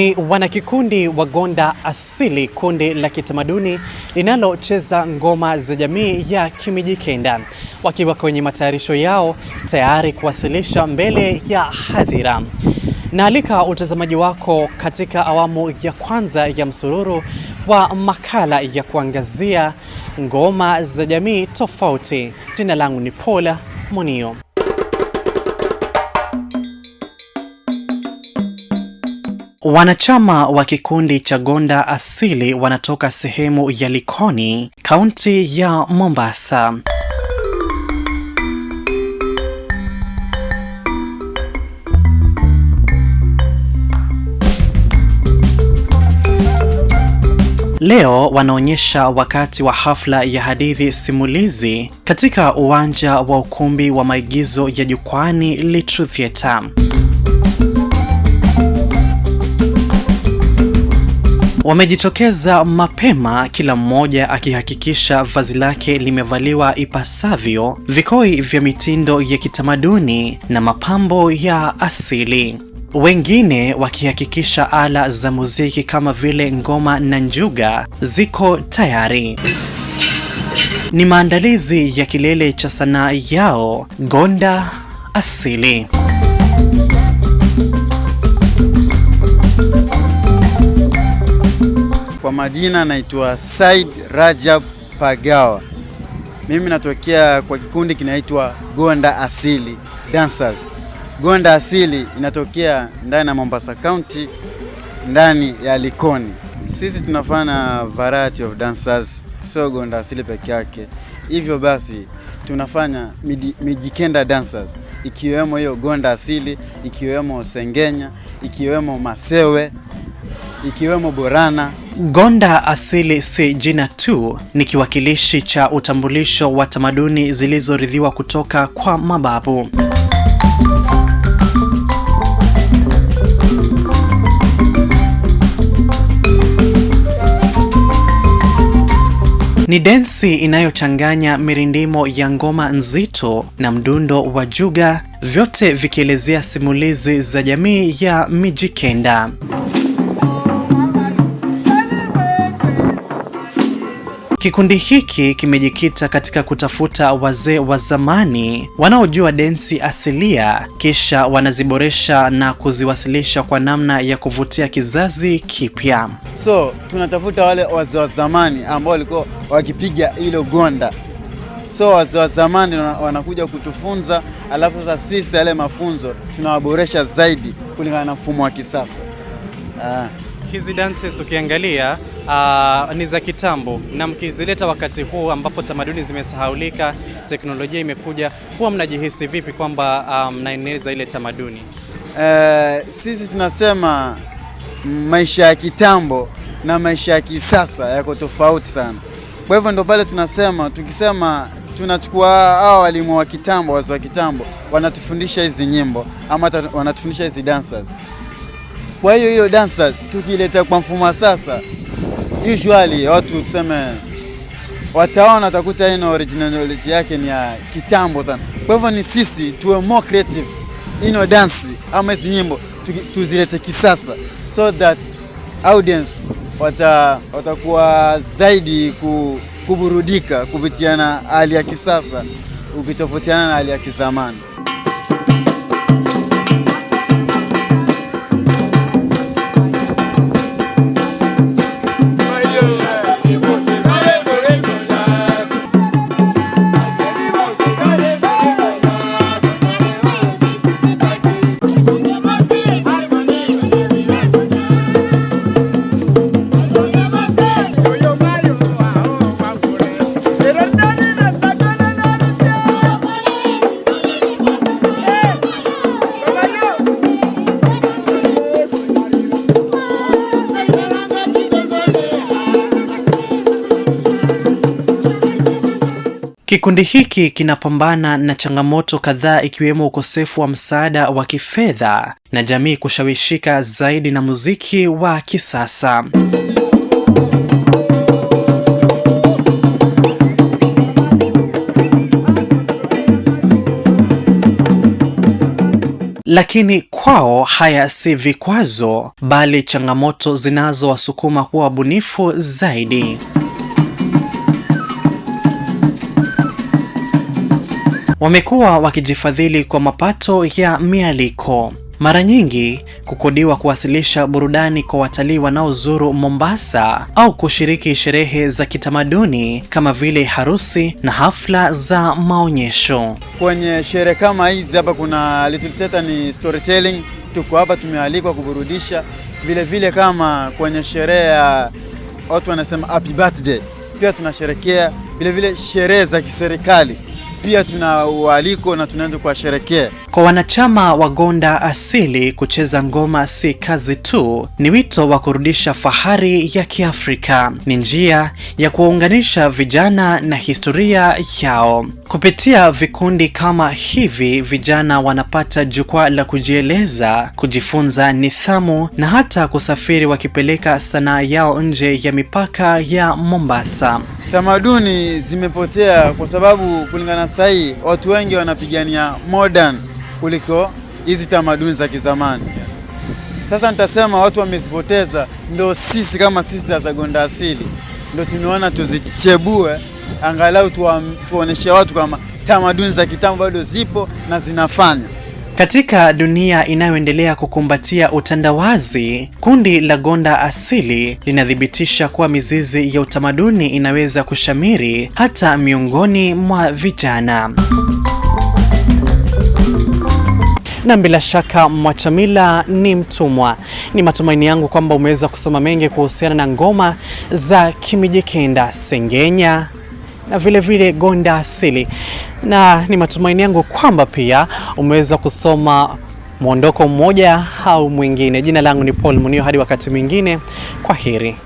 Ni wanakikundi wa Gonda Asili, kundi la kitamaduni linalocheza ngoma za jamii ya Kimijikenda, wakiwa kwenye matayarisho yao tayari kuwasilisha mbele ya hadhira. Naalika utazamaji wako katika awamu ya kwanza ya msururu wa makala ya kuangazia ngoma za jamii tofauti. Jina langu ni Paula munio Wanachama wa kikundi cha Gonda Asili wanatoka sehemu ya Likoni, kaunti ya Mombasa. Leo wanaonyesha wakati wa hafla ya hadithi simulizi katika uwanja wa ukumbi wa maigizo ya Jukwani Little Theatre. Wamejitokeza mapema, kila mmoja akihakikisha vazi lake limevaliwa ipasavyo, vikoi vya mitindo ya kitamaduni na mapambo ya asili, wengine wakihakikisha ala za muziki kama vile ngoma na njuga ziko tayari. Ni maandalizi ya kilele cha sanaa yao, Gonda Asili. Kwa majina naitwa Said Rajab Pagawa. Mimi natokea kwa kikundi kinaitwa Gonda Asili Dancers. Gonda Asili inatokea ndani ya Mombasa County, ndani ya Likoni. Sisi tunafanya variety of dancers, sio Gonda Asili peke yake. Hivyo basi tunafanya mijikenda dancers ikiwemo hiyo Gonda Asili, ikiwemo Sengenya, ikiwemo Masewe, ikiwemo Borana Gonda asili si jina tu, ni kiwakilishi cha utambulisho wa tamaduni zilizorithiwa kutoka kwa mababu. Ni densi inayochanganya mirindimo ya ngoma nzito na mdundo wa juga, vyote vikielezea simulizi za jamii ya Mijikenda. Kikundi hiki kimejikita katika kutafuta wazee wa zamani wanaojua densi asilia, kisha wanaziboresha na kuziwasilisha kwa namna ya kuvutia kizazi kipya. So tunatafuta wale wazee wa zamani ambao walikuwa wakipiga hilo gonda. So wazee wa zamani wanakuja kutufunza, alafu sasa sisi yale mafunzo tunawaboresha zaidi kulingana na mfumo wa kisasa ah hizi dances ukiangalia uh, ni za kitambo, na mkizileta wakati huu ambapo tamaduni zimesahaulika, teknolojia imekuja, huwa mnajihisi vipi kwamba ah, mnaeneza um, ile tamaduni? Uh, sisi tunasema maisha ya kitambo na maisha ya kisasa yako tofauti sana. Kwa hivyo ndo pale tunasema, tukisema tunachukua hawa walimu wa kitambo, wazo wa kitambo, wanatufundisha hizi nyimbo ama wanatufundisha hizi dancers kwa hiyo hilo dansa tukileta kwa mfumo sasa, usually watu tuseme wataona, watakuta ino originality yake ni ya kitambo sana. Kwa hivyo ni sisi tuwe more creative, ino dansi ama hizi nyimbo tuzilete kisasa, so that audience wata watakuwa zaidi kuburudika kupitia na hali ya kisasa ukitofautiana na hali ya kizamani. Kikundi hiki kinapambana na changamoto kadhaa ikiwemo ukosefu wa msaada wa kifedha na jamii kushawishika zaidi na muziki wa kisasa. Lakini kwao haya si vikwazo bali changamoto zinazowasukuma kuwa wabunifu zaidi. wamekuwa wakijifadhili kwa mapato ya mialiko mara nyingi kukodiwa kuwasilisha burudani kwa watalii wanaozuru Mombasa au kushiriki sherehe za kitamaduni kama vile harusi na hafla za maonyesho. Kwenye sherehe kama hizi hapa kuna Little theater, ni storytelling. Tuko hapa tumealikwa kuburudisha, vilevile vile kama kwenye sherehe ya watu wanasema happy birthday, pia tunasherekea vilevile sherehe za kiserikali pia tuna ualiko na tunaenda kuwasherekea. Kwa wanachama wa Gonda Asili, kucheza ngoma si kazi tu, ni wito wito wa kurudisha fahari ya Kiafrika. Ni njia ya kuwaunganisha vijana na historia yao. Kupitia vikundi kama hivi, vijana wanapata jukwaa la kujieleza, kujifunza nidhamu na hata kusafiri wakipeleka sanaa yao nje ya mipaka ya Mombasa. Tamaduni zimepotea kwa sababu kulingana sahii watu wengi wanapigania modern kuliko hizi tamaduni za kizamani. Sasa nitasema watu wamezipoteza, ndo sisi kama sisi za Zagonda Asili ndo tunaona tuzichebue, angalau tuwaonyeshe watu kama tamaduni za kitambo bado zipo na zinafanya katika dunia inayoendelea kukumbatia utandawazi, kundi la Gonda Asili linathibitisha kuwa mizizi ya utamaduni inaweza kushamiri hata miongoni mwa vijana na bila shaka Mwachamila ni mtumwa. Ni matumaini yangu kwamba umeweza kusoma mengi kuhusiana na ngoma za Kimijikenda, Sengenya na vile vile Gonda asili, na ni matumaini yangu kwamba pia umeweza kusoma mwondoko mmoja au mwingine. Jina langu ni Paul Munio, hadi wakati mwingine, kwa heri.